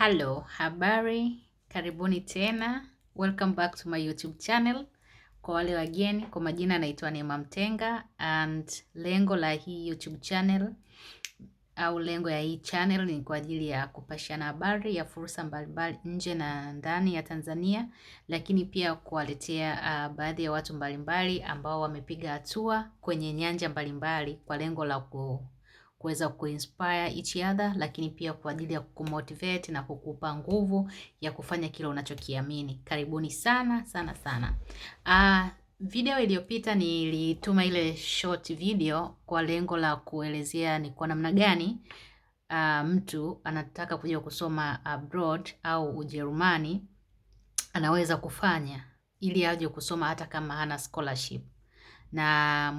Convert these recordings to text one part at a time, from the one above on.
Hello, habari, karibuni tena. Welcome back to my YouTube channel. Kwa wale wageni, kwa majina naitwa Neema Mtenga and lengo la hii YouTube channel au lengo ya hii channel ni kwa ajili ya kupashana habari ya fursa mbalimbali nje na ndani ya Tanzania, lakini pia kuwaletea uh, baadhi ya watu mbalimbali ambao wamepiga hatua kwenye nyanja mbalimbali kwa lengo la ku kuweza kuinspire each other, lakini pia kwa ajili ya kukumotivate na kukupa nguvu ya kufanya kile unachokiamini. Karibuni sana sana sana. Uh, video iliyopita nilituma ile short video kwa lengo la kuelezea ni kwa namna gani uh, mtu anataka kuja kusoma abroad au Ujerumani anaweza kufanya ili aje kusoma hata kama hana scholarship na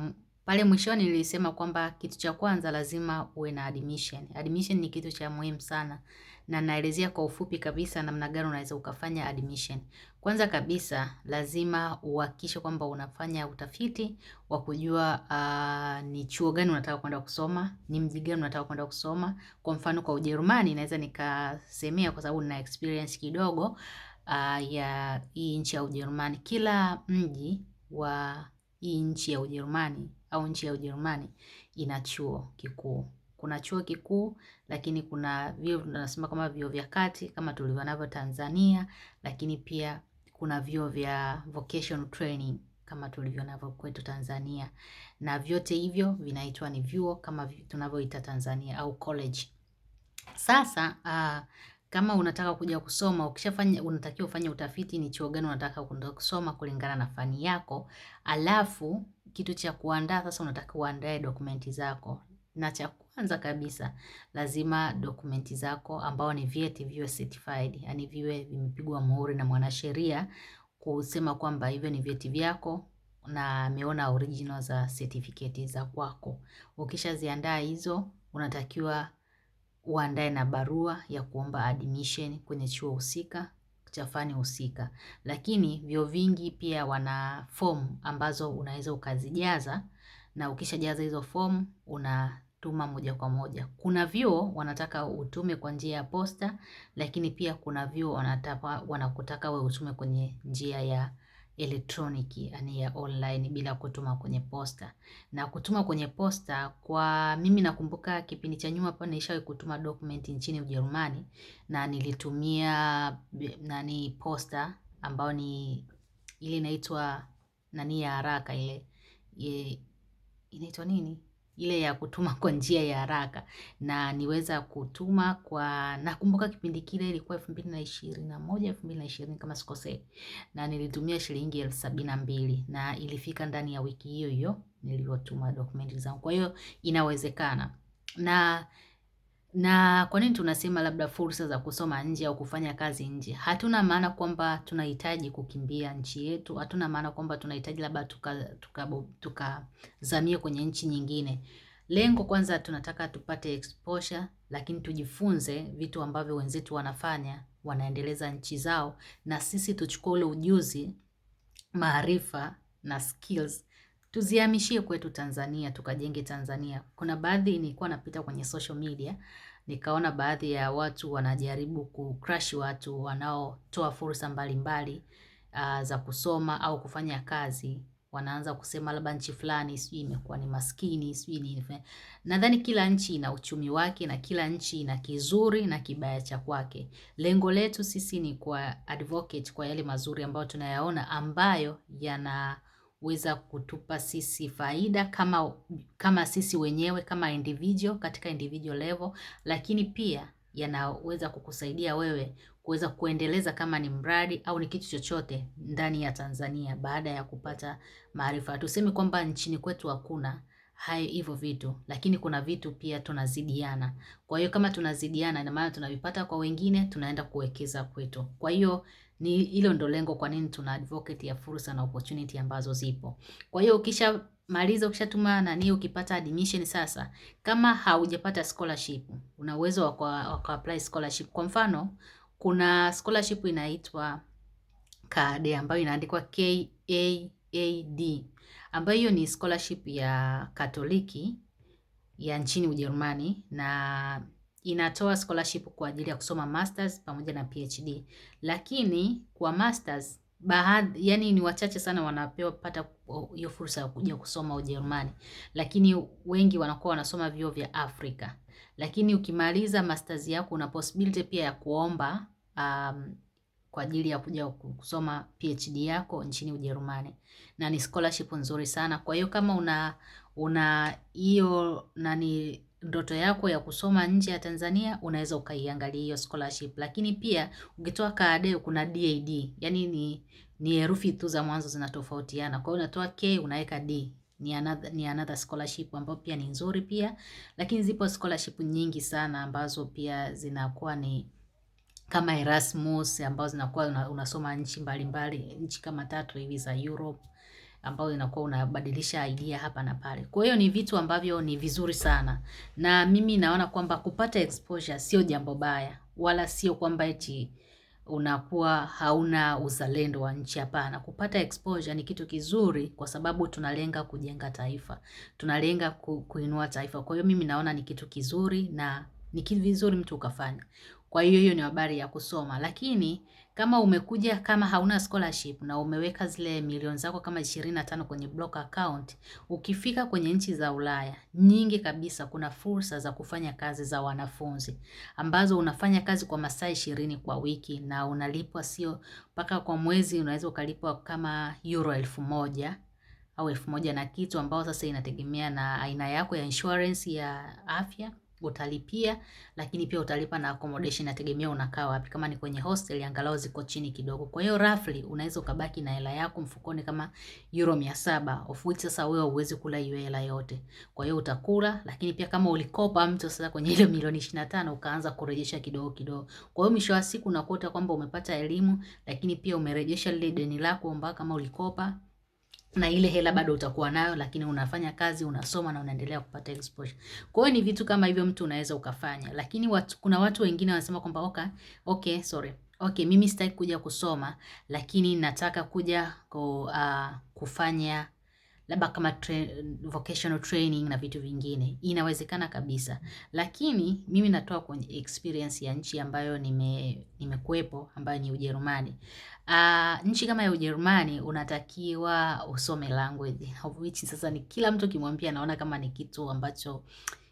pale mwishoni nilisema kwamba kitu cha kwanza lazima uwe na admission. Admission ni kitu cha muhimu sana na naelezea kwa ufupi kabisa namna gani unaweza ukafanya admission. Kwanza kabisa lazima uhakikishe kwamba unafanya utafiti wa kujua uh, ni chuo gani unataka kwenda kusoma, ni mji gani unataka kwenda kusoma. Kwa mfano kwa Ujerumani naweza nikasemea kwa sababu nina experience kidogo uh, ya hii nchi ya Ujerumani. Kila mji wa hii nchi ya Ujerumani au nchi ya Ujerumani ina chuo kikuu. Kuna chuo kikuu lakini kuna vyuo tunasema kama vyuo vya kati kama tulivyo navyo Tanzania, lakini pia kuna vyuo vya vocational training kama tulivyo navyo kwetu Tanzania, na vyote hivyo vinaitwa ni vyuo kama tunavyoita Tanzania au college. Sasa uh, kama unataka kuja kusoma ukishafanya, unatakiwa ufanye utafiti ni chuo gani unataka kusoma kulingana na fani yako alafu kitu cha kuandaa sasa, unataka uandae dokumenti zako, na cha kwanza kabisa lazima dokumenti zako ambao ni vyeti viwe certified, yani viwe vimepigwa muhuri na mwanasheria kusema kwamba hivyo ni vyeti vyako na ameona original za certificate za kwako. Ukishaziandaa hizo, unatakiwa uandae na barua ya kuomba admission kwenye chuo husika cha fani husika. Lakini vyuo vingi pia wana fomu ambazo unaweza ukazijaza na ukishajaza hizo fomu unatuma moja kwa moja. Kuna vyuo wanataka utume kwa njia ya posta, lakini pia kuna vyuo wanataka wanakutaka wewe utume kwenye njia ya elektroniki yani ya online bila kutuma kwenye posta. Na kutuma kwenye posta kwa mimi nakumbuka kipindi cha nyuma pa nishawahi kutuma document nchini Ujerumani na nilitumia nani posta ambao ni ile inaitwa nani ya haraka ile inaitwa nini? ile ya kutuma kwa njia ya haraka, na niweza kutuma kwa, nakumbuka kipindi kile ilikuwa elfu mbili na ishirini na moja elfu mbili na ishirini kama sikosei, na nilitumia shilingi elfu sabini na mbili na ilifika ndani ya wiki hiyo hiyo niliyotuma dokumenti zangu. Kwa hiyo inawezekana na na kwa nini tunasema labda fursa za kusoma nje au kufanya kazi nje? Hatuna maana kwamba tunahitaji kukimbia nchi yetu, hatuna maana kwamba tunahitaji labda tukazamia tuka, tuka, tuka kwenye nchi nyingine. Lengo kwanza tunataka tupate exposure, lakini tujifunze vitu ambavyo wenzetu wanafanya, wanaendeleza nchi zao, na sisi tuchukue ule ujuzi, maarifa na skills tuzihamishie kwetu Tanzania, tukajenge Tanzania. Kuna baadhi nilikuwa napita kwenye social media nikaona baadhi ya watu wanajaribu kukrashi watu wanaotoa fursa mbalimbali mbali, uh, za kusoma au kufanya kazi. Wanaanza kusema labda nchi fulani sijui imekuwa ni maskini sijui ni. Nadhani kila nchi ina uchumi wake na kila nchi ina kizuri na kibaya cha kwake. Lengo letu sisi ni kwa advocate kwa yale mazuri ambayo tunayaona ambayo yana weza kutupa sisi faida kama, kama sisi wenyewe kama individual katika individual level, lakini pia yanaweza kukusaidia wewe kuweza kuendeleza kama ni mradi au ni kitu chochote ndani ya Tanzania baada ya kupata maarifa. Tuseme kwamba nchini kwetu hakuna hayo hivyo vitu, lakini kuna vitu pia tunazidiana. Kwa hiyo kama tunazidiana, ina maana tunavipata kwa wengine, tunaenda kuwekeza kwetu. Kwa hiyo ni hilo ndo lengo kwa nini tuna advocate ya fursa na opportunity ambazo zipo. Kwa hiyo ukisha maliza ukishatuma nani, ukipata admission sasa, kama haujapata scholarship, una uwezo wa ku apply scholarship. Kwa mfano, kuna scholarship inaitwa KAAD ambayo inaandikwa K A A D ambayo hiyo ni scholarship ya Katoliki ya nchini Ujerumani na inatoa scholarship kwa ajili ya kusoma masters pamoja na PhD, lakini kwa masters baadhi, yani ni wachache sana wanapewa pata hiyo fursa ya kuja kusoma Ujerumani, lakini wengi wanakuwa wanasoma vyuo vya Afrika. Lakini ukimaliza masters yako una possibility pia ya kuomba um, kwa ajili ya kuja kusoma PhD yako nchini Ujerumani na ni scholarship nzuri sana. Kwa hiyo kama una una hiyo nani ndoto yako ya kusoma nje ya Tanzania unaweza ukaiangalia hiyo scholarship, lakini pia ukitoa KAD kuna DAD, yani ni ni herufi tu za mwanzo zinatofautiana. Kwa hiyo unatoa K unaweka D ni another, ni another scholarship ambayo pia ni nzuri pia, lakini zipo scholarship nyingi sana ambazo pia zinakuwa ni kama Erasmus ambazo zinakuwa una, unasoma nchi mbalimbali mbali, nchi kama tatu hivi za Europe ambayo inakuwa unabadilisha idea hapa na pale. Kwa hiyo ni vitu ambavyo ni vizuri sana, na mimi naona kwamba kupata exposure sio jambo baya, wala sio kwamba eti unakuwa hauna uzalendo wa nchi. Hapana, kupata exposure ni kitu kizuri, kwa sababu tunalenga kujenga taifa, tunalenga kuinua taifa. Kwa hiyo mimi naona ni kitu kizuri na ni kitu vizuri mtu ukafanya. Kwa hiyo hiyo ni habari ya kusoma, lakini kama umekuja kama hauna scholarship na umeweka zile milioni zako kama 25 kwenye block account, ukifika kwenye nchi za Ulaya nyingi kabisa, kuna fursa za kufanya kazi za wanafunzi ambazo unafanya kazi kwa masaa ishirini kwa wiki na unalipwa, sio mpaka kwa mwezi, unaweza ukalipwa kama euro elfu moja au elfu moja na kitu, ambao sasa inategemea na aina yako ya insurance ya afya utalipia, lakini pia utalipa na accommodation, nategemea unakaa wapi. Kama ni kwenye hostel, angalau ziko chini kidogo. Kwa hiyo roughly unaweza ukabaki na hela yako mfukoni kama euro mia saba of which sasa wewe huwezi kula hiyo hela yote, kwa hiyo utakula, lakini pia kama ulikopa mtu sasa kwenye ile milioni ishirini tano ukaanza kurejesha kidogo kidogo. Kwa hiyo mwisho wa siku unakuta kwamba umepata elimu, lakini pia umerejesha lile deni lako ambao kama ulikopa na ile hela bado utakuwa nayo, lakini unafanya kazi, unasoma na unaendelea kupata exposure. Kwa hiyo ni vitu kama hivyo mtu unaweza ukafanya, lakini watu, kuna watu wengine wanasema kwamba okay, okay, sorry okay, mimi sitaki kuja kusoma, lakini nataka kuja ku, uh, kufanya labda kama tra vocational training na vitu vingine, inawezekana kabisa, lakini mimi natoa kwenye experience ya nchi ambayo nime nimekuepo ambayo ni Ujerumani. Uh, nchi kama ya Ujerumani unatakiwa usome language of which sasa ni kila mtu kimwambia naona kama ni kitu ambacho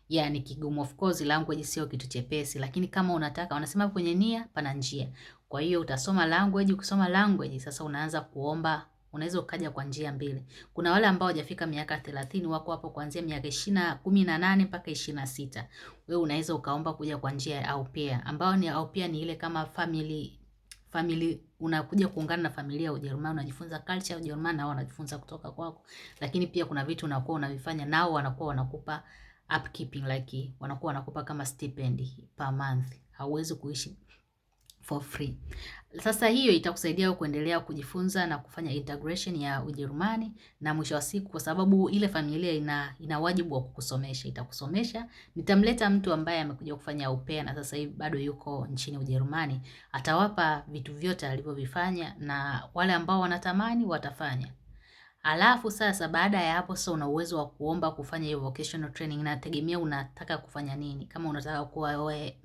ya ni kigumu. Of course language sio kitu chepesi, lakini kama unataka, wanasema kwenye nia pana njia. Kwa hiyo utasoma language. Ukisoma language sasa unaanza kuomba unaweza ukaja kwa njia mbili. Kuna wale ambao hawajafika miaka 30 wako hapo kuanzia miaka ishirini na mpaka 26. Wewe unaweza ukaomba kuja kwa njia ya au pia, ambao ni au pia ni ile kama family family unakuja kuungana na familia ya Ujerumani, unajifunza culture ya Ujerumani, nao wanajifunza kutoka kwako, lakini pia kuna vitu unakuwa unavifanya, nao wanakuwa wanakupa upkeeping like wanakuwa wanakupa kama stipend per month. Hauwezi kuishi for free. Sasa hiyo itakusaidia kuendelea kujifunza na kufanya integration ya Ujerumani na mwisho wa siku, kwa sababu ile familia ina, ina wajibu wa kukusomesha, itakusomesha. Nitamleta mtu ambaye amekuja kufanya upea na sasa hivi bado yuko nchini Ujerumani, atawapa vitu vyote alivyovifanya, na wale ambao wanatamani watafanya. Alafu sasa baada ya hapo sasa una uwezo wa kuomba kufanya hiyo vocational training, nategemea unataka kufanya nini. Kama unataka kuwa we,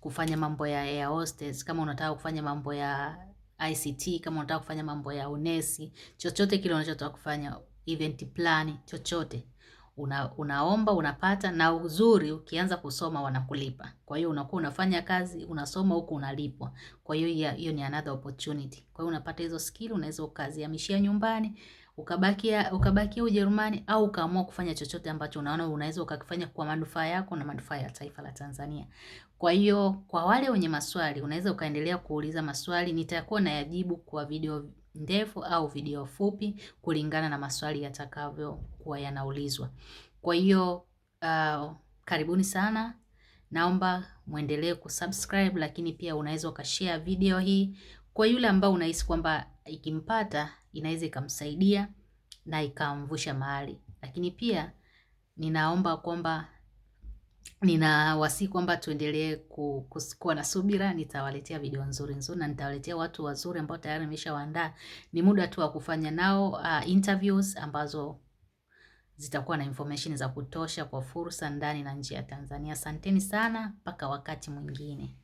kufanya mambo ya air hostess, kama unataka kufanya mambo ya ICT, kama unataka kufanya mambo ya unesi, chochote kile unachotaka kufanya, event plan, chochote una, unaomba unapata. Na uzuri ukianza kusoma wanakulipa, kwa hiyo unakuwa unafanya kazi unasoma huku unalipwa. Kwa hiyo hiyo ni another opportunity. Kwa hiyo unapata hizo skill, unaweza ukazihamishia nyumbani ukabakia ukabakia Ujerumani au ukaamua kufanya chochote ambacho unaona unaweza ukakifanya kwa manufaa yako na manufaa ya taifa la Tanzania. Kwa hiyo kwa wale wenye maswali unaweza ukaendelea kuuliza maswali, nitakuwa nayajibu kwa video ndefu au video fupi kulingana na maswali yatakavyokuwa yanaulizwa. Kwa hiyo uh, karibuni sana. Naomba muendelee kusubscribe, lakini pia unaweza ukashare video hii kwa yule ambao unahisi kwamba ikimpata inaweza ikamsaidia na ikamvusha mahali. Lakini pia ninaomba kwamba ninawasihi kwamba tuendelee kuwa na subira. Nitawaletea video nzuri nzuri na nitawaletea watu wazuri ambao tayari nimeshawaandaa. Ni muda tu wa kufanya nao uh, interviews ambazo zitakuwa na information za kutosha kwa fursa ndani na nje ya Tanzania. Asanteni sana, mpaka wakati mwingine.